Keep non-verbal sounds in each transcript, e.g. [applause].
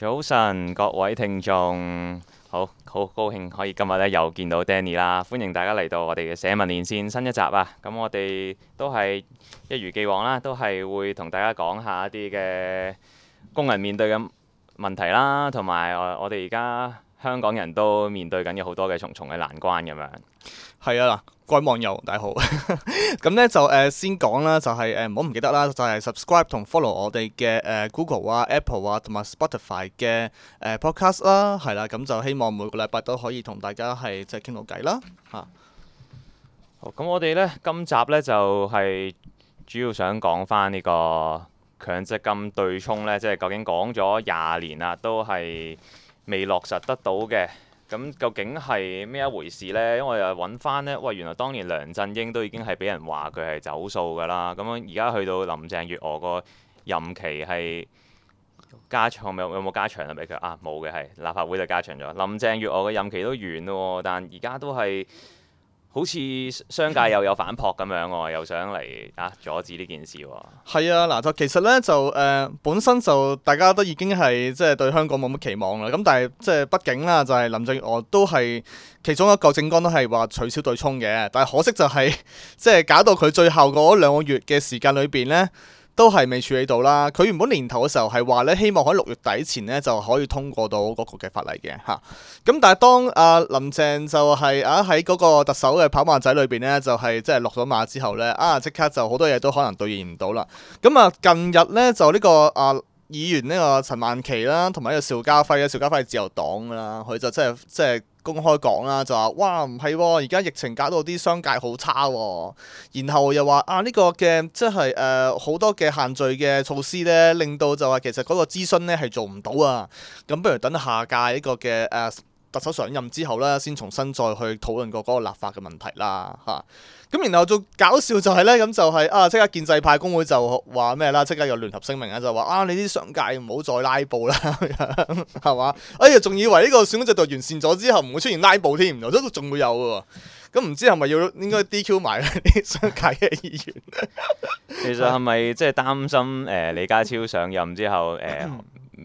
早晨，各位聽眾，好好高興可以今日咧，又見到 Danny 啦！歡迎大家嚟到我哋嘅社民連線新一集啊！咁我哋都係一如既往啦，都係會同大家講下一啲嘅工人面對嘅問題啦，同埋我哋而家香港人都面對緊嘅好多嘅重重嘅難關咁樣。係啊嗱。各位網友大家好，咁 [laughs] 呢就誒、呃、先講啦，就係誒唔好唔記得啦，就係、是、subscribe 同 follow 我哋嘅誒 Google 啊、Apple 啊同埋 Spotify 嘅誒、呃、podcast 啦、啊，係啦，咁就希望每個禮拜都可以同大家係即係傾到偈啦嚇。咁、啊、我哋呢，今集呢就係、是、主要想講翻呢個強積金對沖呢，即、就、係、是、究竟講咗廿年啦，都係未落實得到嘅。咁、嗯、究竟係咩一回事呢？因為又揾翻呢，喂，原來當年梁振英都已經係俾人話佢係走數㗎啦。咁樣而家去到林鄭月娥個任期係加，加長有冇加長啊？俾佢啊，冇嘅，係立法會就加長咗。林鄭月娥個任期都完咯，但而家都係。好似商界又有反撲咁樣喎、啊，又想嚟啊阻止呢件事喎。係啊，嗱就、啊、其實呢，就誒、呃，本身就大家都已經係即係對香港冇乜期望啦。咁但係即係畢竟啦，就係林鄭月娥都係其中一個政綱都係話取消對沖嘅。但係可惜就係即係搞到佢最後嗰兩個月嘅時間裏邊呢。都係未處理到啦。佢原本年頭嘅時候係話咧，希望喺六月底前咧就可以通過到嗰個嘅法例嘅嚇。咁、啊、但係當阿、呃、林鄭就係、是、啊喺嗰個特首嘅跑馬仔裏邊咧，就係、是、即係落咗馬之後咧，啊即刻就好多嘢都可能兌現唔到啦。咁啊近日咧就呢個啊議員呢個陳曼琪啦，同埋呢個邵家輝啊，邵家輝係自由黨㗎啦，佢就真係即係。即公開講啦，就話哇唔係喎，而家、啊、疫情搞到啲商界好差喎、啊，然後又話啊呢、呢個嘅即係誒好多嘅限聚嘅措施咧，令到就話其實嗰個諮詢咧係做唔到啊，咁不如等下屆呢個嘅誒。呃特首上任之後咧，先重新再去討論過嗰個立法嘅問題啦，嚇、啊。咁然後最搞笑就係咧，咁就係、是、啊，即刻建制派工會就話咩啦？即刻又聯合聲明啊，就話啊，你啲商界唔好再拉布啦，係 [laughs] 嘛？哎呀，仲以為呢個選舉制度完善咗之後，唔會出現拉布添，原來都仲會有嘅。咁、啊、唔知係咪要應該 DQ 埋啲商界嘅議員？ [laughs] 其實係咪即係擔心誒、呃、李家超上任之後誒？呃 [laughs]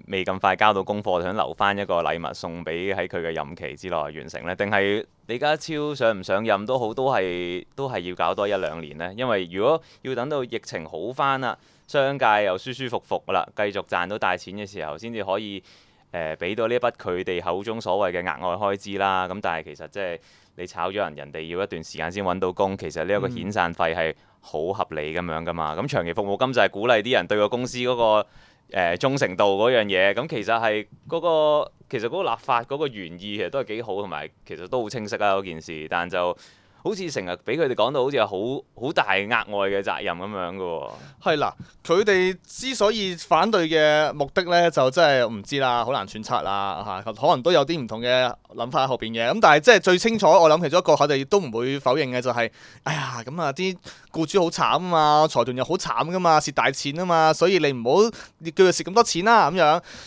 未咁快交到功課，想留翻一個禮物送俾喺佢嘅任期之內完成咧，定係李家超上唔上任都好，都係都係要搞多一兩年咧。因為如果要等到疫情好翻啦，商界又舒舒服服啦，繼續賺到大錢嘅時候，先至可以誒俾到呢一筆佢哋口中所謂嘅額外開支啦。咁但係其實即係你炒咗人，人哋要一段時間先揾到工，其實呢一個遣散費係好合理咁樣噶嘛。咁，嗯，長期服務金就係鼓勵啲人對個公司嗰個。誒、呃、忠誠度嗰樣嘢，咁、嗯、其實係嗰、嗰個，其實嗰個立法嗰、嗰個原意其實都係幾好，同埋其實都好清晰啦、啊、嗰件事，但就。好似成日俾佢哋講到好似係好好大額外嘅責任咁樣嘅喎、哦。係啦，佢哋之所以反對嘅目的呢，就真係唔知啦，好難揣測啦嚇。可能都有啲唔同嘅諗法喺後邊嘅。咁但係即係最清楚我諗其中一個，佢哋都唔會否認嘅就係、是，哎呀咁啊啲僱主好慘啊嘛，財團又好慘㗎嘛，蝕大錢啊嘛，所以你唔好叫佢蝕咁多錢啦咁樣。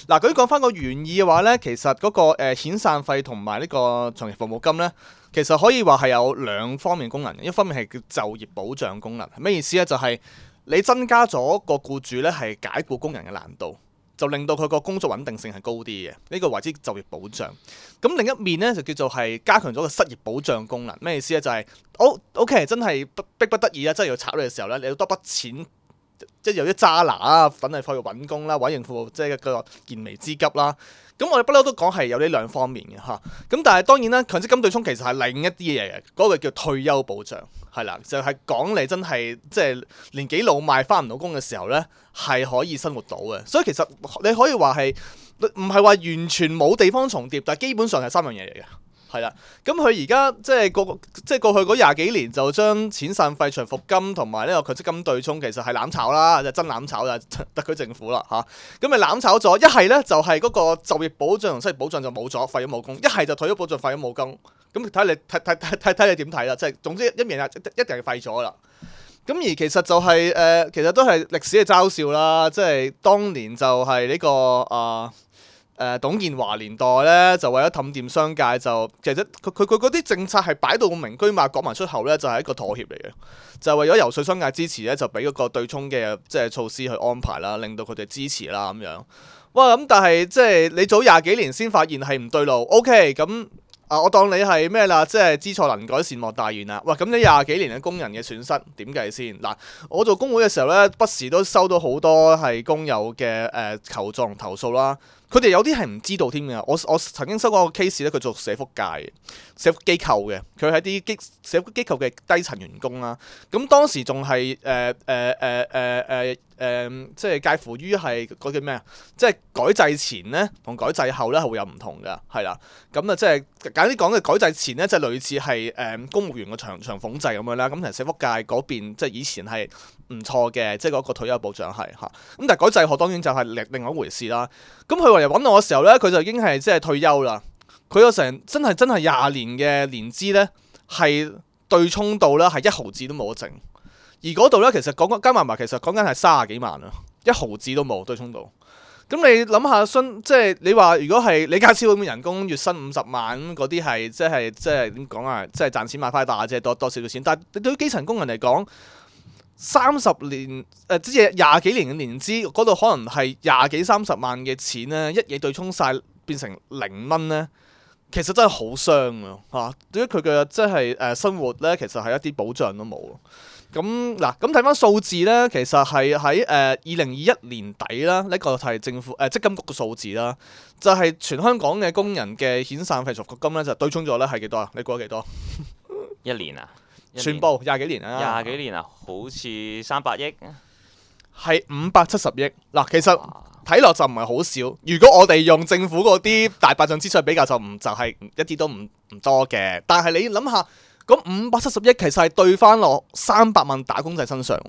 嗱、啊，佢講翻個原意嘅話呢，其實嗰個誒遣散費同埋呢個長期服務金呢。其實可以話係有兩方面功能，一方面係叫就業保障功能，咩意思咧？就係、是、你增加咗個僱主咧係解雇工人嘅難度，就令到佢個工作穩定性係高啲嘅，呢、這個為之就業保障。咁另一面咧就叫做係加強咗個失業保障功能，咩意思咧？就係哦 OK，真係逼不得已啦，真係要炒你嘅時候咧，你要多筆錢。即係有啲渣拿啊、粉底去揾工啦、揾型副，即係一個燃眉之急啦。咁我哋不嬲都講係有呢兩方面嘅嚇。咁但係當然啦，強積金對沖其實係另一啲嘢嘅，嗰、嗰個叫退休保障係啦，就係、係、講你真係即係年紀老邁返唔到工嘅時候呢，係可以生活到嘅。所以其實你可以話係唔係話完全冇地方重疊，但係基本上係三樣嘢嚟嘅。係啦，咁佢而家即係過即係過去嗰廿幾年就將遣散費、長服金同埋呢個強積金對沖，其實係攬炒啦，就是、真攬炒啦，特區政府啦，吓咁咪攬炒咗。一係咧就係嗰個就業保障同失業保障就冇咗，廢咗武功；一係就退咗保障，廢咗武功。咁睇你睇睇睇睇睇你點睇啦，即係總之一唔一面一定係廢咗啦。咁而其實就係、是、誒、呃，其實都係歷史嘅嘲笑啦，即係當年就係呢、這個啊。呃呃、董建華年代咧，就為咗氹掂商界就，就其實佢佢佢嗰啲政策係擺到明居嘛，講埋出口咧就係一個妥協嚟嘅，就是、為咗游説商界支持咧，就俾一個對沖嘅即係措施去安排啦，令到佢哋支持啦咁樣。哇！咁但係即係你早廿幾年先發現係唔對路，OK？咁啊，我當你係咩啦？即、就、係、是、知錯能改善莫大焉啦、啊。喂！咁你廿幾年嘅工人嘅損失點計先嗱？我做工會嘅時候咧，不時都收到好多係工友嘅誒、呃、求助同投訴，投訴啦。佢哋有啲係唔知道添嘅，我我曾經收過個 case 咧，佢做社福界、社福機構嘅，佢喺啲機社福機構嘅低層員工啦。咁當時仲係誒誒誒誒誒誒，即係介乎於係嗰叫咩啊？即係改制前咧同改制後咧係會有唔同嘅，係啦。咁啊、就係，即係簡單啲講嘅，改制前咧就類似係誒、呃、公務員嘅長長俸制咁樣啦。咁其實社福界嗰邊即係以前係，唔錯嘅，即係嗰個退休保障係嚇。咁、啊、但係改制後當然就係另另一回事啦。咁佢話嚟揾我嘅時候呢，佢就已經係即係退休啦。佢個成真係真係廿年嘅年資呢，係對沖到呢係一毫子都冇得剩。而嗰度呢，其實講講加埋埋，其實講緊係三十幾萬啊，一毫子都冇對沖到。咁你諗下即係你話如果係李家超咁樣人工月薪五十萬嗰啲，係即係即係點講啊？即係賺錢買塊大，即係多多少少錢。但係對基層工人嚟講，三十年誒、呃，即係廿幾年嘅年資，嗰度可能係廿幾三十萬嘅錢咧，一嘢對沖晒變成零蚊咧，其實真係好傷㗎嚇！對於佢嘅即係誒生活咧，其實係一啲保障都冇咯。咁、嗯、嗱，咁睇翻數字咧，其實係喺誒二零二一年底啦，呢、呢個係政府誒、呃、積金局嘅數字啦，就係、係、全香港嘅工人嘅遣散費儲蓄金咧，就係、對沖咗咧係幾多啊？你估咗幾多 [laughs] 一年啊？全部廿幾年啦，廿幾年啊，幾年啊，好似三百億，啊，係五百七十億。嗱、啊，其實睇落就唔係好少。如果我哋用政府嗰啲大白象支出去比較就，就唔就係一啲都唔唔多嘅。但係你諗下，嗰五百七十億其實係對翻落三百萬打工仔身上。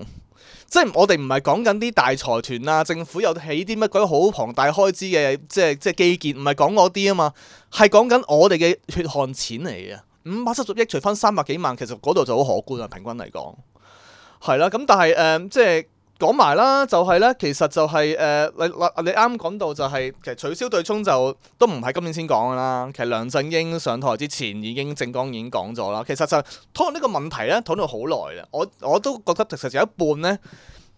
即、就、係、是、我哋唔係講緊啲大財團啊，政府又起啲乜鬼好龐大開支嘅，即係即係基建，唔係講嗰啲啊嘛，係講緊我哋嘅血汗錢嚟嘅。五百七十億除返三百幾萬，其實嗰度就好可觀啊！平均嚟講，係啦。咁但係誒、呃，即係講埋啦，就係、是、咧，其實就係、是、誒、呃，你你你啱講到就係、是，其實取消對沖就都唔係今年先講噶啦。其實梁振英上台之前已經政綱已經講咗啦。其實就討論呢個問題咧，討論好耐啦。我我都覺得其實有一半咧，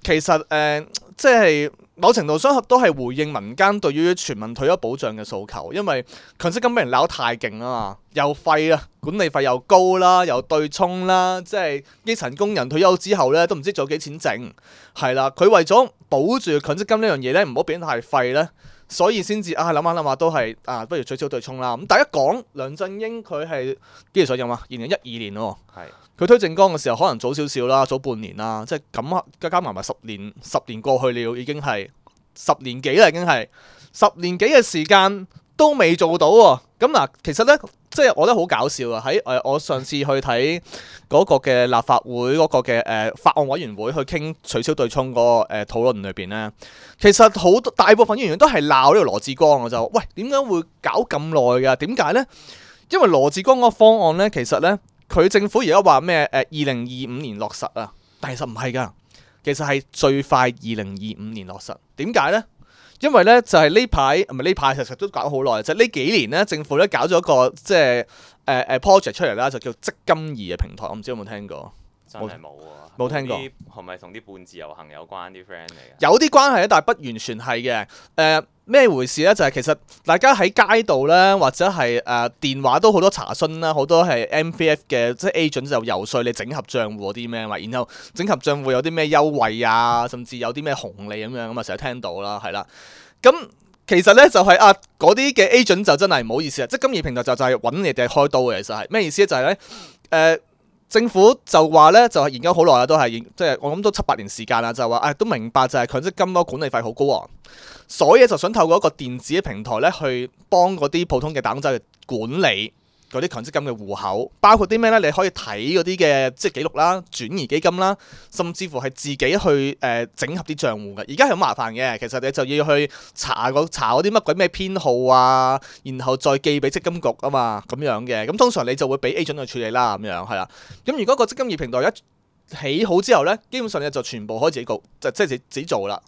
其實誒、呃，即係。某程度上都係回應民間對於全民退休保障嘅訴求，因為強積金俾人鬧得太勁啦嘛，又廢啦，管理費又高啦，又對沖啦，即係基層工人退休之後咧都唔知仲有幾錢剩，係啦，佢為咗保住強積金呢樣嘢咧唔好變太廢咧，所以先至啊諗下諗下都係啊不如取消對沖啦，咁但係一講梁振英佢係幾時上任啊？二零一二年咯喎。係佢推政綱嘅時候可能早少少啦，早半年啦，即係咁加加埋埋十年，十年過去了已經係十年幾啦，已經係十年幾嘅時間都未做到喎、哦。咁嗱，其實呢，即、就、係、是、我覺得好搞笑啊！喺、呃、我上次去睇嗰個嘅立法會嗰個嘅誒、呃、法案委員會去傾取消對沖個誒、呃、討論裏邊呢，其實好大部分議員都係鬧呢個羅致光，我就喂，點解會搞咁耐㗎？點解呢？」因為羅致光嗰個方案呢，其實呢。佢政府而家話咩？誒，二零二五年落實啊，但其實唔係噶，其實係最快二零二五年落實。點解呢？因為呢就係呢排唔係呢排，其實都搞好耐。就係呢幾年呢，政府呢搞咗一個即係誒誒 project 出嚟啦，就叫積金易嘅平台。我唔知有冇聽過。冇冇聽過，係咪同啲半自由行有關啲 friend 嚟啊？有啲關係啊，但係不完全係嘅。誒、呃、咩回事咧？就係、是、其實大家喺街道咧，或者係誒、呃、電話都好多查詢啦，好多係 MPF 嘅即係 agent 就游說你整合帳戶嗰啲咩嘛，然後整合帳戶有啲咩優惠啊，甚至有啲咩紅利咁樣咁啊，成日聽到啦，係啦。咁、嗯、其實咧就係、是、啊嗰啲嘅 agent 就真係唔好意思啊，即係金融平台就就係揾你哋開刀嘅，其實係咩意思咧？就係咧誒。呃政府就話呢，就係研究好耐啦，都係即係我諗都七八年時間啦，就話誒、哎、都明白就係強積金嘅管理費好高，所以就想透過一個電子嘅平台呢，去幫嗰啲普通嘅打工仔去管理。嗰啲強積金嘅戶口，包括啲咩呢？你可以睇嗰啲嘅即係記錄啦、轉移基金啦，甚至乎係自己去誒、呃、整合啲賬戶嘅。而家係好麻煩嘅，其實你就要去查查嗰啲乜鬼咩編號啊，然後再寄俾積金局啊嘛，咁樣嘅。咁通常你就會俾 agent 去處理啦，咁樣係啦。咁如果個積金業平台一起好之後呢，基本上你就全部可以自己局，就即係自己自己做啦。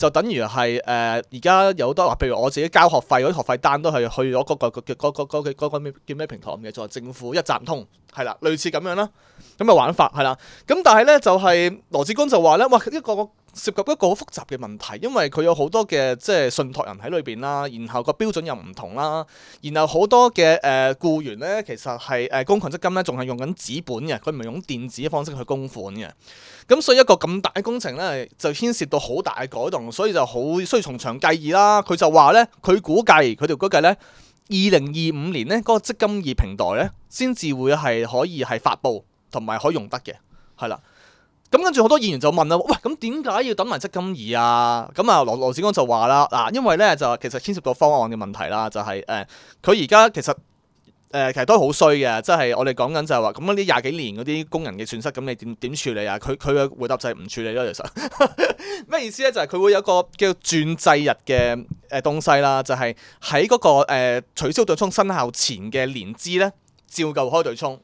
就等於係誒，而、呃、家有好多話，譬如我自己交學費嗰啲學費單都係去咗嗰、嗰個叫嗰咩叫咩平台嘅，就、嗰、係、個、政府一站通，係啦，類似咁樣啦。咁嘅玩法係啦，咁但係呢，就係、是、羅致光就話呢，哇一個涉及一個好複雜嘅問題，因為佢有好多嘅即係信託人喺裏邊啦，然後個標準又唔同啦，然後好多嘅誒僱員呢，其實係誒、呃、強積金呢，仲係用緊紙本嘅，佢唔係用電子方式去供款嘅。咁所以一個咁大工程呢，就牽涉到好大嘅改動，所以就好需要從長計議啦。佢就話呢，佢估計佢條估計呢，二零二五年呢，嗰、那個積金易平台呢，先至會係可以係發布。同埋可以用得嘅，係啦。咁跟住好多議員就問啦，喂，咁點解要等埋積金易啊？咁、嗯、啊，羅羅致光就話啦，嗱，因為咧就其實牽涉到方案嘅問題啦，就係、是、誒，佢而家其實誒、呃、其實都係好衰嘅，即、就、係、是、我哋講緊就係話咁呢廿幾年嗰啲工人嘅損失咁，你點點處理啊？佢佢嘅回答就係唔處理啦，其實咩 [laughs] 意思咧？就係、是、佢會有個叫轉制日嘅誒東西啦，就係喺嗰個、呃、取消對沖生效前嘅年資咧，照舊開對沖。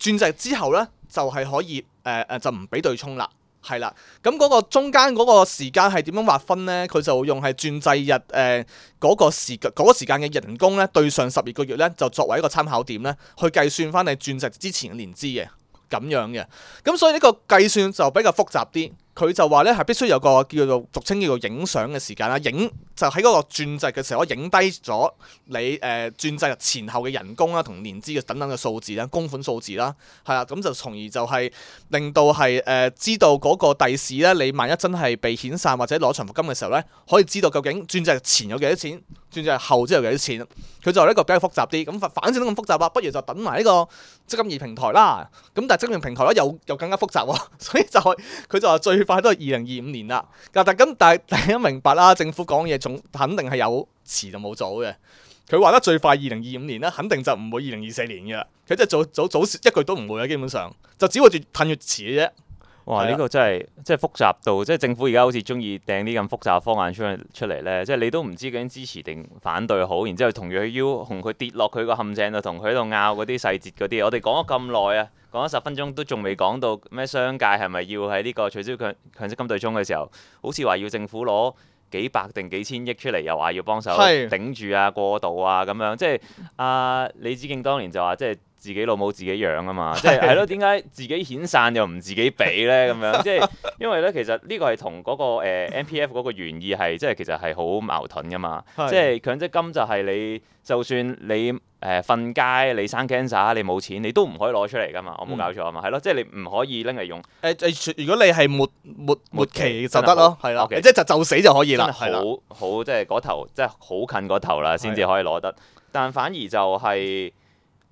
轉制之後呢，就係、是、可以誒誒、呃、就唔俾對沖啦，係啦。咁嗰個中間嗰個時間係點樣劃分呢？佢就用係轉制日誒嗰、呃嗰個時嗰、嗰個時間嘅人工呢，對上十二個月呢，就作為一個參考點呢，去計算返你轉制之前嘅年資嘅咁樣嘅。咁所以呢個計算就比較複雜啲。佢就話咧係必須有個叫做俗稱叫做影相嘅時間啦，影就喺嗰個轉制嘅時候，影低咗你誒轉制嘅前後嘅人工啦，同年資嘅等等嘅數字啦、供款數字啦，係啦，咁、嗯、就從而就係令到係誒、呃、知道嗰個地市咧，你萬一真係被遣散或者攞長服金嘅時候咧，可以知道究竟轉制前有幾多錢，轉制後之後有幾多錢。佢就話呢個比較複雜啲，咁反正都咁複雜啊。不如就等埋呢個積金易平台啦。咁但係積金易平台咧又又更加複雜喎、哦，所以就佢就話最最快都係二零二五年啦，但咁但係大家明白啦，政府講嘢仲肯定係有遲就冇早嘅。佢話得最快二零二五年呢，肯定就唔會二零二四年嘅啦。佢即係早早早一句都唔會啊，基本上就只會越褪越遲嘅啫。哇！呢、呢個真係真係複雜到，即係政府而家好似中意掟啲咁複雜嘅方案出去出嚟咧，即係你都唔知究竟支持定反對好，然之後同樣要同佢跌落佢個陷阱度，同佢喺度拗嗰啲細節嗰啲。我哋講咗咁耐啊，講咗十分鐘都仲未講到咩商界係咪要喺呢個取消強強積金對沖嘅時候，好似話要政府攞幾百定幾千億出嚟，又話要幫手頂住啊過渡啊咁樣。即係阿李子敬當年就話即係。自己老母自己養啊嘛，即係係咯，點解自己遣散又唔自己俾咧咁樣？即係因為咧，其實呢個係同嗰個 MPF 嗰個原意係，即係其實係好矛盾噶嘛。即係強積金就係你，就算你誒瞓街，你生 cancer，你冇錢，你都唔可以攞出嚟噶嘛。我冇搞錯啊嘛，係咯，即係你唔可以拎嚟用。誒如果你係末末末期就得咯，係即係就就死就可以啦，係好即係嗰頭，即係好近嗰頭啦，先至可以攞得。但反而就係。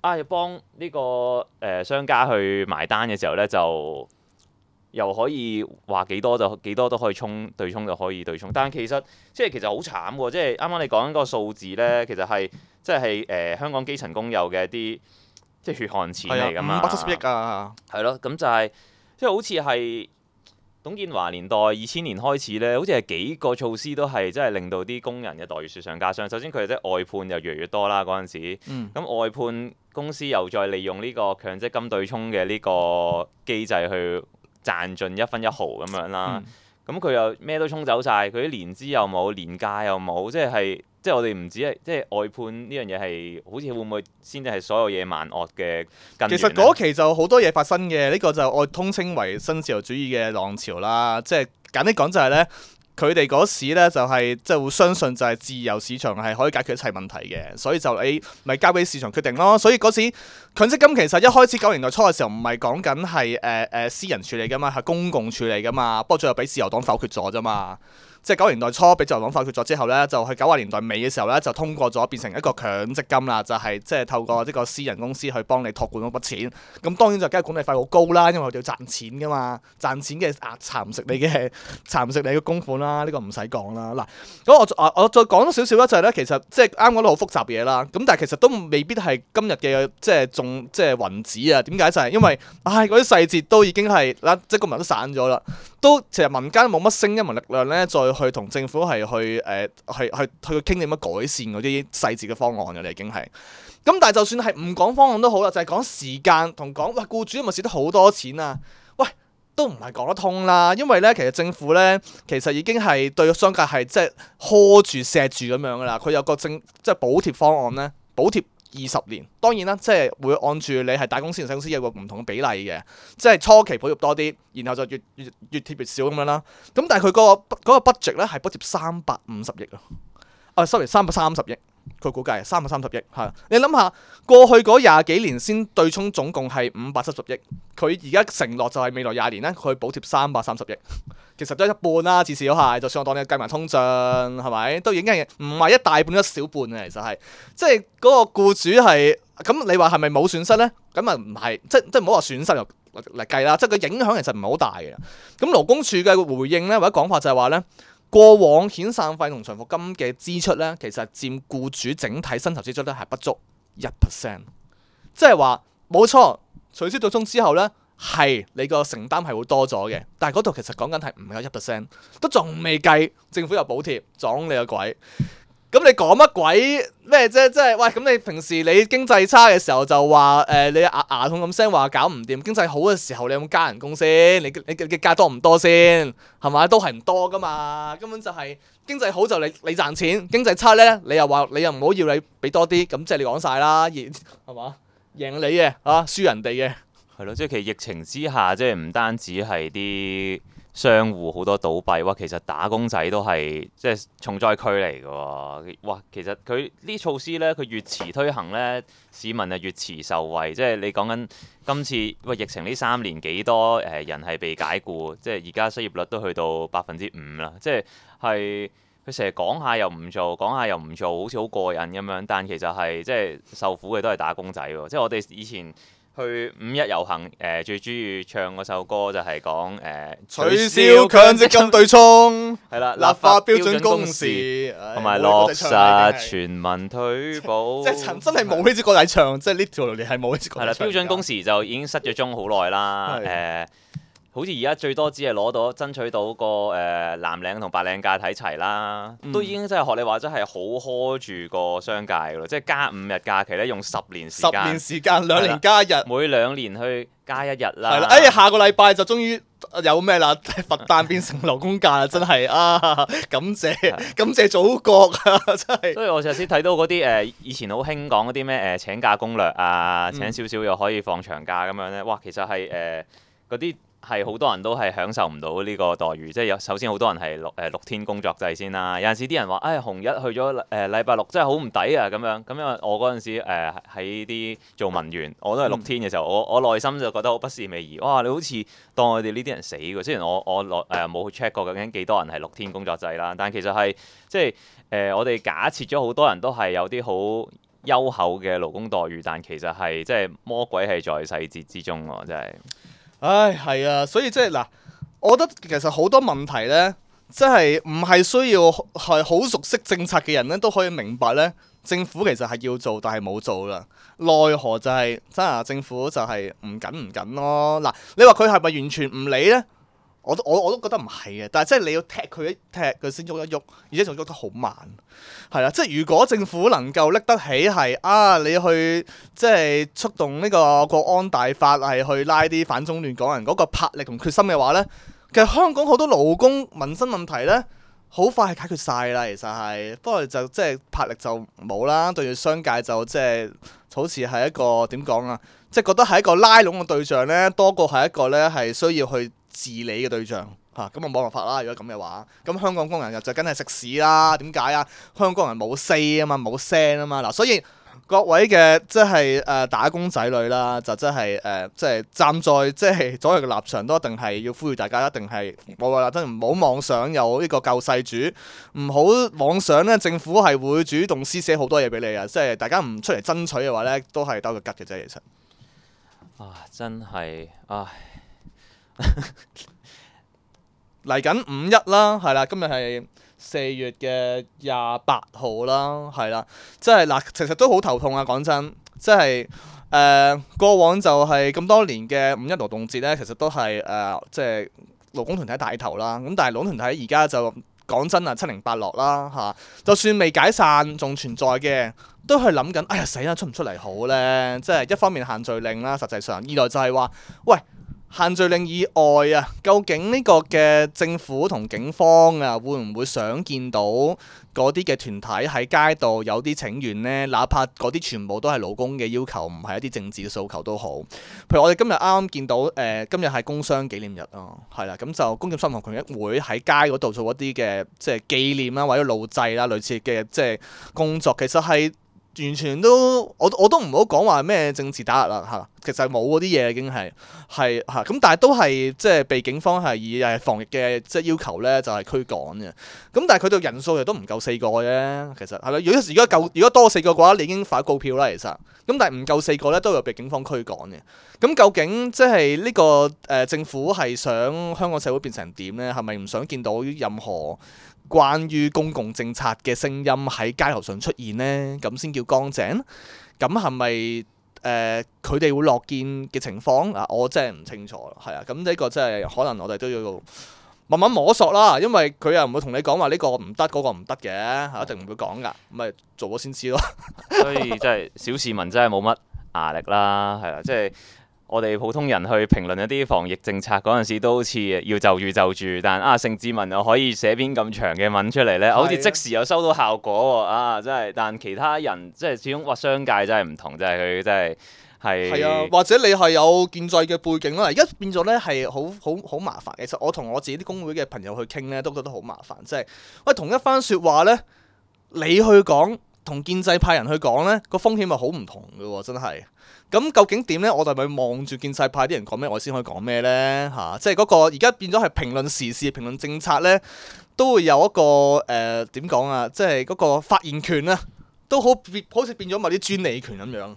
啊！要幫呢、這個誒、呃、商家去埋單嘅時候咧，就又可以話幾多就幾多都可以沖對沖就可以對沖，但其實即係其實好慘喎！即係啱啱你講緊個數字咧， [laughs] 其實係即係誒、呃、香港基層工友嘅一啲即係血汗錢嚟㗎嘛，五十億啊！係咯、就是，咁就係即係好似係。董建華年代二千年開始咧，好似係幾個措施都係真係令到啲工人嘅待遇雪上加霜。首先佢哋即外判就越嚟越多啦，嗰陣時，咁、嗯、外判公司又再利用呢個強積金對沖嘅呢個機制去賺盡一分一毫咁樣啦。嗯咁佢又咩都沖走晒，佢啲年資又冇，年假又冇，即係即係我哋唔止係即係外判呢樣嘢係，好似會唔會先至係所有嘢萬惡嘅？其實嗰期就好多嘢發生嘅，呢個就我通稱為新自由主義嘅浪潮啦，即係簡單講就係呢。佢哋嗰時呢就係即係會相信就係自由市場係可以解決一切問題嘅，所以就你咪交俾市場決定咯。所以嗰時強積金其實一開始九十年代初嘅時候唔係講緊係誒誒私人處理㗎嘛，係公共處理㗎嘛，不過最後俾自由黨否決咗啫嘛。即係九年代初俾自由黨否決咗之後咧，就去九啊年代尾嘅時候咧，就通過咗變成一個強積金啦，就係即係透過呢個私人公司去幫你託管嗰筆錢。咁當然就梗係管理費好高啦，因為佢要賺錢㗎嘛，賺錢嘅壓、啊、蠶食你嘅蠶食你嘅公款啦，呢、這個唔使講啦。嗱，咁我我，我再講多少少就陣咧，其實即係啱講到好複雜嘅嘢啦。咁但係其實都未必係今日嘅即係仲即係雲子啊？點解就係、是、因為唉嗰啲細節都已經係啦，即係股都散咗啦，都其實民間冇乜聲音同力量咧在。去同政府係去誒、呃，去去去傾啲乜改善嗰啲細節嘅方案㗎喇，已經係。咁但係就算係唔講方案都好啦，就係、是、講時間同講，喂，僱、呃、主咪蝕得好多錢啊！喂，都唔係講得通啦，因為咧，其實政府咧，其實已經係對商界係即係呵住錫住咁樣噶啦。佢有個政即係補貼方案咧，補貼。二十年，當然啦，即係會按住你係大公司定細公司有個唔同嘅比例嘅，即係初期補貼多啲，然後就越越越貼越少咁樣啦。咁但係佢嗰個嗰個 budget 呢係不及三百五十億啊，啊 sorry 三百三十億。佢估計三百三十億嚇，你諗下過去嗰廿幾年先對沖總共係五百七十億，佢而家承諾就係未來廿年呢，佢補貼三百三十億，其實都係一半啦，啊，至少嚇，就算我當你計埋通脹係咪都已經係唔係一大半一小半啊？其實係即係嗰個僱主係咁，你話係咪冇損失呢？咁啊唔係，即即唔好話損失嚟嚟計啦，即係個影響其實唔係好大嘅。咁勞工處嘅回應呢，或者講法就係話呢。過往遣散費同長服金嘅支出呢，其實佔僱主整體薪酬支出咧係不足一 percent，即係話冇錯，取消對沖之後呢，係你個承擔係會多咗嘅，但係嗰度其實講緊係唔夠一 percent，都仲未計政府有補貼，撞你個鬼。咁你講乜鬼咩啫？即係、就是、喂，咁你平時你經濟差嘅時候就話誒、呃，你牙牙痛咁聲話搞唔掂；經濟好嘅時候你有冇加人工先？你你嘅加多唔多先？係咪？都係唔多㗎嘛。根本就係經濟好就你你賺錢，經濟差呢，你又話你又唔好要你俾多啲。咁即係你講晒啦，係嘛？贏你嘅啊，輸人哋嘅。係咯，即係其實疫情之下，即係唔單止係啲。商戶好多倒閉，哇！其實打工仔都係即係重災區嚟嘅，哇！其實佢啲措施呢，佢越遲推行呢，市民啊越遲受惠。即係你講緊今次，喂，疫情呢三年幾多誒、呃、人係被解雇？即係而家失業率都去到百分之五啦。即係係佢成日講下又唔做，講下又唔做，好似好過癮咁樣。但其實係即係受苦嘅都係打工仔喎。即係我哋以前。去五一遊行，誒、呃、最中意唱嗰首歌就係講誒、呃、取消強積金對沖，係啦、嗯，立法標準工時同埋落實全民退保，哎、 [laughs] 即係真真係冇呢支歌仔唱，即係呢條你係冇呢支歌。係啦，標準工時就已經失咗蹤好耐啦，誒 [laughs] 是的、呃。好似而家最多只係攞到爭取到個誒藍領同白領假睇齊啦，嗯、都已經真係學你話，真係好呵住個商界嘅咯，即係加五日假期咧，用十年時間十年時間了兩年加一日，每兩年去加一日啦。係啦，哎呀，下個禮拜就終於有咩啦？佛誕變成勞工假啦！真係啊，感謝 [laughs] 的感謝祖國啊！真係。所以我成日先睇到嗰啲誒以前好興講嗰啲咩誒請假攻略啊，嗯、請少少又可以放長假咁樣咧。哇，其實係誒啲。呃嗯係好多人都係享受唔到呢個待遇，即係有首先好多人係六誒、呃、六天工作制先啦。有陣時啲人話，唉、哎，紅一去咗誒禮拜六真，真係好唔抵啊！咁樣咁因為我嗰陣時喺啲、呃、做文員，我都係六天嘅時候，我我內心就覺得好不是味兒。哇！你好似當我哋呢啲人死喎。雖然我我呃冇 check 過究竟幾多人係六天工作制啦，但其實係即係誒、呃、我哋假設咗好多人都係有啲好優厚嘅勞工待遇，但其實係即係魔鬼係在細節之中喎，真係。唉，係啊，所以即係嗱，我覺得其實好多問題呢，即係唔係需要係好熟悉政策嘅人呢都可以明白呢。政府其實係要做但係冇做啦，奈何就係、是、真係政府就係唔緊唔緊咯。嗱，你話佢係咪完全唔理呢？我我我都覺得唔係嘅，但係即係你要踢佢一踢，佢先喐一喐，而且仲喐得好慢，係啦。即係如果政府能夠拎得起係啊，你去即係觸動呢個國安大法，係去拉啲反中亂港人嗰個魄力同決心嘅話呢。其實香港好多勞工民生問題呢，好快係解決晒啦。其實係，不過就即係魄力就冇啦，對住商界就即係好似係一個點講啊，即係覺得係一個拉攏嘅對象呢，多過係一個呢，係需要去。治理嘅對象嚇，咁我冇辦法啦。如果咁嘅話，咁、啊、香港工人就梗係食屎啦。點解啊？香港人冇 say 啊嘛，冇聲啊嘛嗱。所以各位嘅即係誒打工仔女啦，就真係誒，即係站在即係、就是、左右嘅立場，都一定係要呼籲大家，一定係冇話真唔好妄想有呢個救世主，唔好妄想咧政府係會主動施捨好多嘢俾你啊。即係大家唔出嚟爭取嘅話呢，都係兜個吉嘅啫。其實啊，真係唉。嚟緊 [laughs] 五一啦，係啦，今日係四月嘅廿八號啦，係啦，即係嗱，其實都好頭痛啊，講真，即係誒、呃，過往就係咁多年嘅五一勞動節呢，其實都係誒，即係勞工團體帶頭啦，咁但係勞工團體而家就講真啊，七零八落啦，吓、啊，就算未解散仲存在嘅，都係諗緊，哎呀死啦，出唔出嚟好呢？」即係一方面限聚令啦、啊，實際上，二來就係話，喂。限聚令以外啊，究竟呢個嘅政府同警方啊，會唔會想見到嗰啲嘅團體喺街度有啲請願咧？哪怕嗰啲全部都係勞工嘅要求，唔係一啲政治嘅訴求都好。譬如我哋今日啱啱見到，誒、呃，今日係工商紀念日咯，係、哦、啦，咁就工業三項權益會喺街嗰度做一啲嘅，即係紀念啦，或者路祭啦，類似嘅即係工作。其實係。完全都，我我都唔好講話咩政治打壓啦嚇，其實冇嗰啲嘢已經係係係咁，但係都係即係被警方係以誒防疫嘅即係要求咧就係驅趕嘅。咁但係佢對人數亦都唔夠四個嘅，其實係啦。有時如果夠，如果多四個嘅話，你已經發告票啦。其實咁但係唔夠四個咧，都有被警方驅趕嘅。咁究竟即係呢個誒政府係想香港社會變成點咧？係咪唔想見到任何關於公共政策嘅聲音喺街頭上出現呢，咁先叫乾淨。咁係咪佢哋會樂見嘅情況啊？我真係唔清楚咯。係啊，咁呢個真係可能我哋都要慢慢摸索啦。因為佢又唔會同你講話呢個唔得，嗰個唔得嘅，一定唔會講㗎。咪做咗先知咯。所以真係 [laughs] 小市民真係冇乜壓力啦。係啊，即係。我哋普通人去評論一啲防疫政策嗰陣時，都好似要就住就住，但阿盛、啊、智文又可以寫篇咁長嘅文出嚟呢？好似即時又收到效果喎！啊，真係，但其他人即係始終話商界真係唔同，真係佢真係係係啊，或者你係有建制嘅背景啦，而家變咗呢係好好好麻煩。其實我同我自己啲工會嘅朋友去傾呢，都覺得好麻煩，即係喂同一番説話呢，你去講同建制派人去講呢，個風險係好唔同嘅，真係。咁究竟點呢？我哋係咪望住建制派啲人講咩，我先可以講咩呢？嚇、啊，即係嗰個而家變咗係評論時事、評論政策呢，都會有一個誒點講啊？即係嗰個發言權呢，都好好似變咗某啲專利權咁樣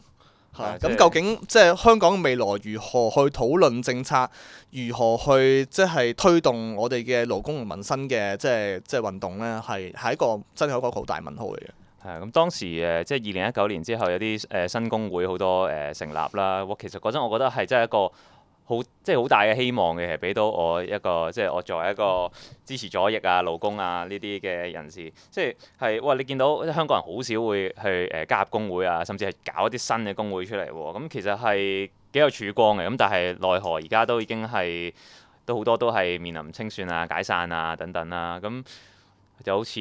嚇。咁的究竟即係香港未來如何去討論政策，如何去即係推動我哋嘅勞工同民生嘅即係即係運動呢？係係一個真係一個好大問號嚟嘅。係咁、嗯、當時誒，即係二零一九年之後有啲誒、呃、新工會好多誒、呃、成立啦。哇，其實嗰陣我覺得係真係一個好即係好大嘅希望嘅，係俾到我一個即係我作為一個支持左翼啊、勞工啊呢啲嘅人士，即係係哇！你見到香港人好少會去誒、呃、加入工會啊，甚至係搞一啲新嘅工會出嚟喎。咁、嗯、其實係幾有曙光嘅。咁、嗯、但係奈何而家都已經係都好多都係面臨清算啊、解散啊等等啦、啊。咁、嗯、就好似。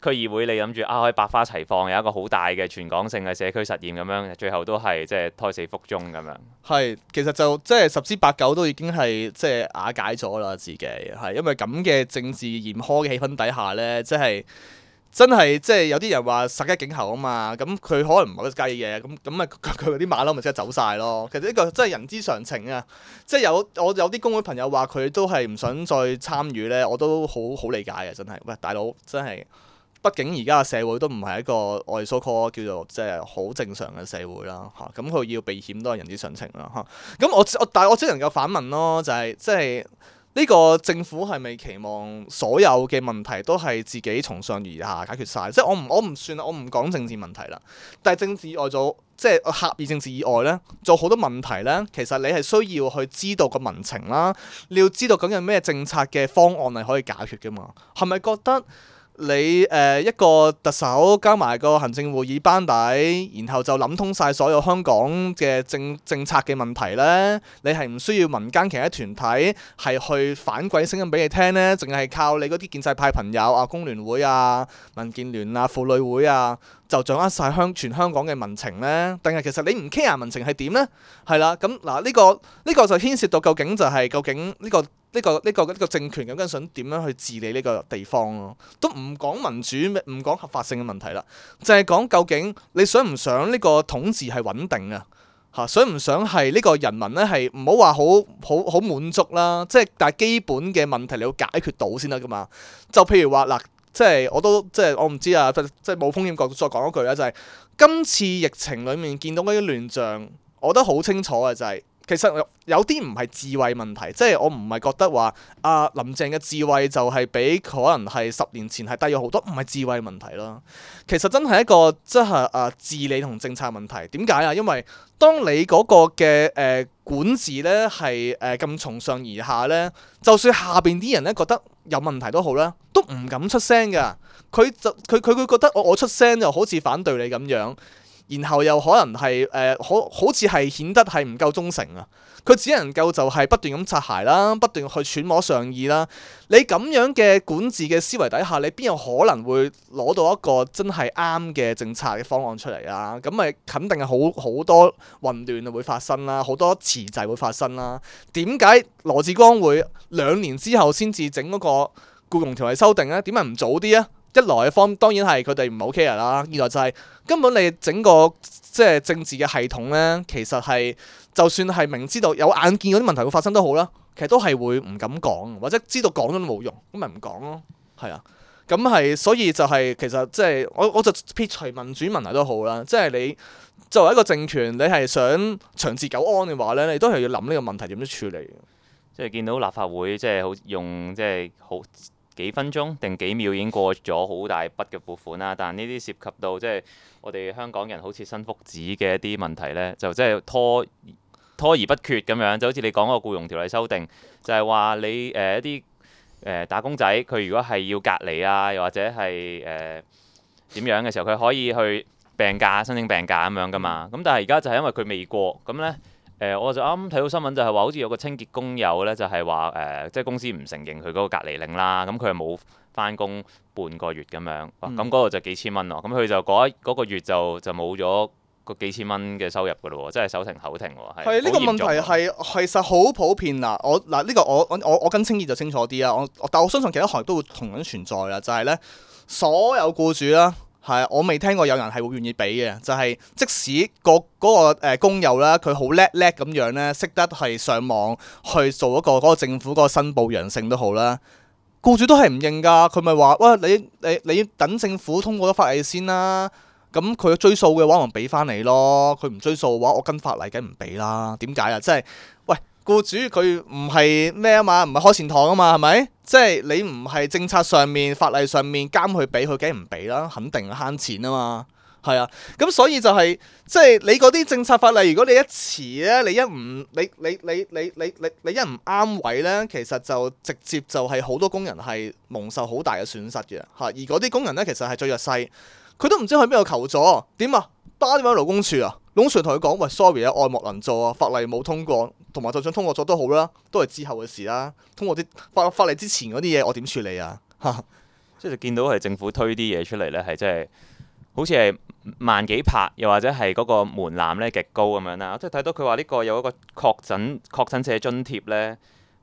區議會你諗住啊，可以百花齊放，有一個好大嘅全港性嘅社區實驗咁樣，最後都係即係胎死腹中咁樣。係，其實就即係十之八九都已經係即係瓦解咗啦，自己係因為咁嘅政治嚴苛嘅氣氛底下呢，即係真係即係有啲人話殺一儆猴啊嘛，咁佢可能唔係好介意嘅，咁咁咪佢佢啲馬騮咪即係走晒咯。其實呢個真係人之常情啊，即係有我有啲工會朋友話佢都係唔想再參與呢。我都好好理解嘅，真係喂大佬真係。畢竟而家嘅社會都唔係一個我哋所 call 叫做即係好正常嘅社會啦，嚇咁佢要避險都係人之常情啦，嚇、嗯、咁我我但係我只能夠反問咯，就係即係呢個政府係咪期望所有嘅問題都係自己從上而下解決晒？即係我唔我唔算我唔講政治問題啦，但係政治外做，即係狹義政治以外咧、就是，做好多問題咧，其實你係需要去知道個民情啦，你要知道究竟咩政策嘅方案係可以解決噶嘛？係咪覺得？你誒、呃、一個特首加埋個行政會議班底，然後就諗通晒所有香港嘅政政策嘅問題呢，你係唔需要民間其他團體係去反饋聲音俾你聽呢？淨係靠你嗰啲建制派朋友啊、工聯會啊、民建聯啊、婦女會啊，就掌握晒香全香港嘅民情呢，定係其實你唔 care 民情係點呢？係啦，咁嗱呢個呢、呢個就牽涉到究竟就係究竟呢、呢個。呢、這個呢、這個呢、這個政權咁跟想點樣去治理呢個地方咯、啊？都唔講民主唔講合法性嘅問題啦，就係、是、講究竟你想唔想呢個統治係穩定啊？嚇想唔想係呢個人民呢？係唔好話好好好滿足啦？即係但係基本嘅問題你要解決到先得㗎嘛？就譬如話嗱，即係我都即係我唔知啊，即係冇風險角度再講一句啦，就係、是、今次疫情裡面見到嗰啲亂象，我都好清楚啊就係、是。其實有啲唔係智慧問題，即係我唔係覺得話阿、啊、林鄭嘅智慧就係比可能係十年前係低咗好多，唔係智慧問題啦。其實真係一個即係、就是、啊治理同政策問題。點解啊？因為當你嗰個嘅誒、呃、管治呢係誒咁從上而下呢，就算下邊啲人呢覺得有問題都好啦，都唔敢出聲㗎。佢就佢佢會覺得我我出聲就好似反對你咁樣。然後又可能係誒、呃，好好似係顯得係唔夠忠誠啊！佢只能夠就係不斷咁擦鞋啦，不斷去揣摩上意啦。你咁樣嘅管治嘅思維底下，你邊有可能會攞到一個真係啱嘅政策嘅方案出嚟啊？咁咪肯定係好好多混亂會發生啦，好多遲滯會發生啦。點解羅致光會兩年之後先至整嗰個僱傭條例修訂啊？點解唔早啲啊？一來嘅方當然係佢哋唔係 OK 啊啦，二來就係根本你整個即係政治嘅系統呢，其實係就算係明知道有眼見嗰啲問題會發生都好啦，其實都係會唔敢講，或者知道講咗都冇用，咁咪唔講咯，係啊，咁係所以就係其實即係我我就撇除民主問題都好啦，即係你作為一個政權，你係想長治久安嘅話呢，你都係要諗呢個問題點樣處理，即係見到立法會即係好用即係好。幾分鐘定幾秒已經過咗好大筆嘅撥款啦，但係呢啲涉及到即係、就是、我哋香港人好似新福祉嘅一啲問題呢，就即係拖拖而不決咁樣，就好似你講個僱傭條例修訂，就係、是、話你誒、呃、一啲、呃、打工仔佢如果係要隔離啊，又或者係誒點樣嘅時候，佢可以去病假申請病假咁樣噶嘛，咁但係而家就係因為佢未過咁呢。誒、呃、我就啱啱睇到新聞，就係話好似有個清潔工友咧，就係話誒，即係公司唔承認佢嗰個隔離令啦，咁佢係冇翻工半個月咁樣，咁嗰度就幾千蚊咯，咁佢就嗰嗰個月就就冇咗個幾千蚊嘅收入噶咯，即係手停口停喎。係呢個問題係其實好普遍啦，我嗱呢個我我我跟清潔就清楚啲啊，我但我相信其他行業都會同樣存在啊，就係咧所有僱主啊。係我未聽過有人係會願意俾嘅，就係即使個嗰個工友啦，佢好叻叻咁樣咧，識得係上網去做一個嗰個政府嗰個申報陽性都好啦，僱主都係唔認噶，佢咪話喂，你你你等政府通過咗法例先啦，咁佢追訴嘅話我俾翻你咯，佢唔追訴嘅話我跟法例梗唔俾啦，點解啊？即係喂，僱主佢唔係咩啊嘛，唔係開善堂啊嘛，係咪？即係你唔係政策上面，法例上面監佢俾，佢梗係唔俾啦，肯定慳錢啊嘛，係啊，咁所以就係、是、即係你嗰啲政策法例，如果你一遲咧，你一唔你你你你你你一唔啱位咧，其實就直接就係好多工人係蒙受好大嘅損失嘅嚇，而嗰啲工人咧其實係最弱勢。佢都唔知去邊度求助，點啊？打電話嚟勞工處啊，勞工處同佢講：喂，sorry 啊，愛莫能助啊，法例冇通過，同埋就算通過咗都好啦，都係之後嘅事啦、啊。通過啲法法例之前嗰啲嘢，我點處理啊？即 [laughs] 係見到係政府推啲嘢出嚟呢，係真係好似係萬幾拍，又或者係嗰個門檻呢極高咁樣啦。即係睇到佢話呢個有一個確診確診者津貼呢，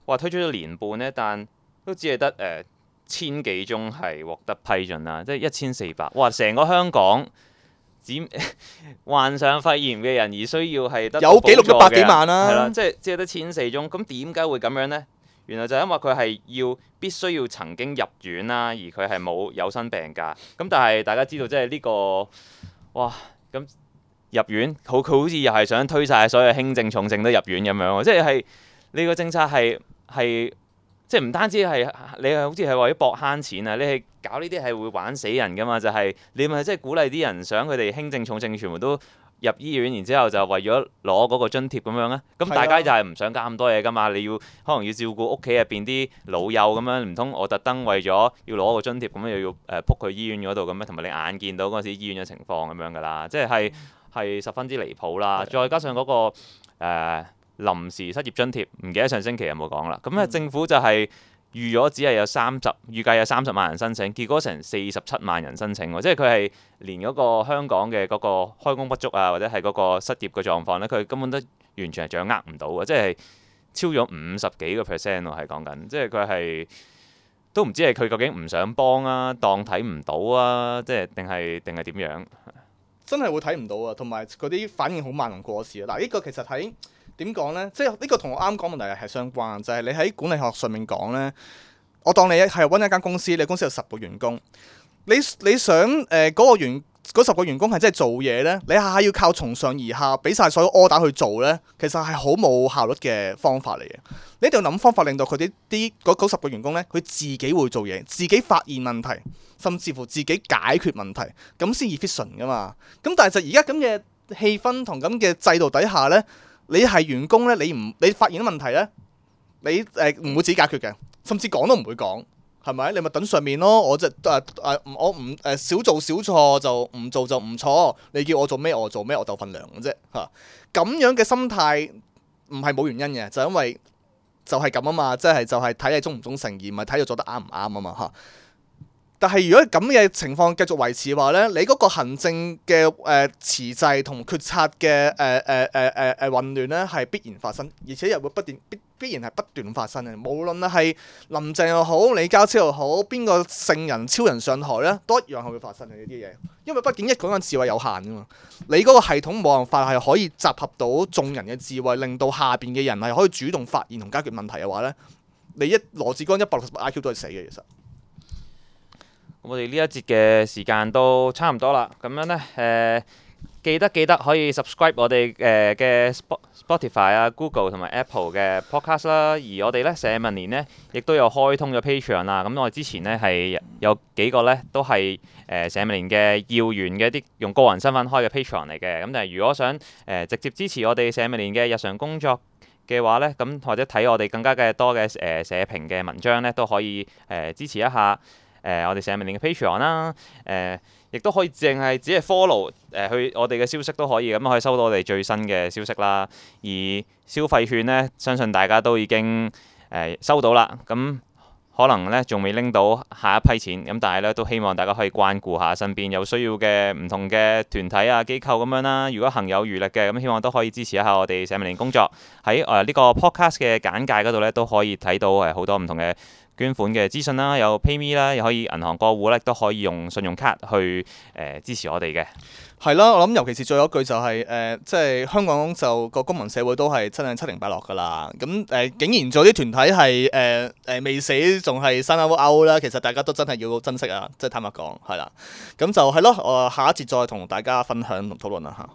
話推出咗年半呢，但都只係得誒。呃千幾宗係獲得批准啦，即係一千四百，哇！成個香港只患上肺炎嘅人而需要係有記錄都百幾萬啦、啊，即係即係得千四宗，咁點解會咁樣呢？原來就係因為佢係要必須要曾經入院啦，而佢係冇有薪病假，咁但係大家知道即係呢、呢個哇咁入院好佢好似又係想推晒所有輕症重症都入院咁樣，即係呢個政策係係。即係唔單止係你係好似係為咗搏慳錢啊，你係搞呢啲係會玩死人噶嘛？就係、是、你咪即係鼓勵啲人想佢哋輕症重症全部都入醫院，然之後就為咗攞嗰個津貼咁樣啊！咁大家就係唔想搞咁多嘢噶嘛？你要可能要照顧屋企入邊啲老幼咁樣，唔通我特登為咗要攞個津貼咁樣又要誒撲、呃、去醫院嗰度咁咩？同埋你眼見到嗰陣時醫院嘅情況咁樣噶啦，即係係十分之離譜啦！的再加上嗰、那個、呃臨時失業津貼，唔記得上星期有冇講啦。咁咧，政府就係預咗只係有三十預計有三十萬人申請，結果成四十七萬人申請喎。即係佢係連嗰個香港嘅嗰個開工不足啊，或者係嗰個失業嘅狀況咧，佢根本都完全係掌握唔到嘅。即係超咗五十幾個 percent 喎，係講緊。即係佢係都唔知係佢究竟唔想幫啊，當睇唔到啊，即係定係定係點樣？真係會睇唔到啊，同埋嗰啲反應好慢同過時啊。嗱，呃，呢個其實喺點講呢？即係呢個同我啱啱講問題係相關，就係、係、你喺管理學上面講呢，我當你係揾一間公司，你公司有十個員工，你你想誒嗰、呃嗰個員十個員工係真係做嘢呢？你下下要靠從上而下俾晒所有 order 去做呢？其實係好冇效率嘅方法嚟嘅。你一定要諗方法令到佢啲啲嗰十個員工呢，佢自己會做嘢，自己發現問題，甚至乎自己解決問題，咁先 efficient 噶嘛。咁但係就而家咁嘅氣氛同咁嘅制度底下呢。你係員工呢？你唔你發現啲問題呢？你誒唔、呃、會自己解決嘅，甚至講都唔會講，係咪？你咪等上面咯。我就誒誒、呃，我唔誒少做少錯，就唔做就唔錯。你叫我做咩我做咩，我就份糧嘅啫嚇。咁、啊、樣嘅心態唔係冇原因嘅，就係、因為就係咁啊嘛，即係就係、係、睇你忠唔忠誠，而唔係睇你做得啱唔啱啊嘛嚇。但係如果咁嘅情況繼續維持嘅話呢，你嗰個行政嘅誒遲滯同決策嘅誒誒誒混亂呢係必然發生，而且又會不斷必必然係不斷發生嘅。無論係林鄭又好，李家超又好，邊個聖人超人上台呢，都一樣係會發生嘅呢啲嘢。因為畢竟一個人智慧有限啊嘛，你嗰個系統冇辦法係可以集合到眾人嘅智慧，令到下邊嘅人係可以主動發現同解決問題嘅話呢，你一羅志剛一百六十個 IQ 都係死嘅，其實。我哋呢一節嘅時間都差唔多啦，咁樣呢，誒、呃，記得記得可以 subscribe 我哋誒嘅、呃、Spotify 啊、Google 同埋 Apple 嘅 podcast 啦。而我哋呢，社民連呢亦都有開通咗 Patreon 啦。咁、嗯、我哋之前呢，係有，有幾個呢都係誒社民連嘅要員嘅一啲用個人身份開嘅 Patreon 嚟嘅。咁但係如果想誒、呃、直接支持我哋社民連嘅日常工作嘅話呢，咁或者睇我哋更加嘅多嘅誒社評嘅文章呢，都可以誒、呃、支持一下。誒、呃，我哋社民連嘅 Patreon 啦、呃，誒，亦都可以淨係只係 follow 誒、呃，去我哋嘅消息都可以，咁可以收到我哋最新嘅消息啦。而消費券呢，相信大家都已經誒、呃、收到啦。咁、嗯、可能呢，仲未拎到下一批錢，咁、嗯、但係呢，都希望大家可以關顧下身邊有需要嘅唔同嘅團體啊機構咁樣啦、啊。如果行有餘力嘅，咁、嗯、希望都可以支持一下我哋社民連工作。喺誒呢個 Podcast 嘅簡介嗰度呢，都可以睇到誒好、呃、多唔同嘅。捐款嘅資訊啦，有 PayMe 啦，又可以銀行過戶咧，都可以用信用卡去誒、呃、支持我哋嘅。係啦，我諗尤其是最後一句就係、是、誒、呃，即係香港就個公民社會都係真係七零八落噶啦。咁誒、呃，竟然仲有啲團體係誒誒未死仲係生勾勾咧，其實大家都真係要珍惜啊！即係坦白講，係啦，咁就係咯。我下一節再同大家分享同討論啊嚇。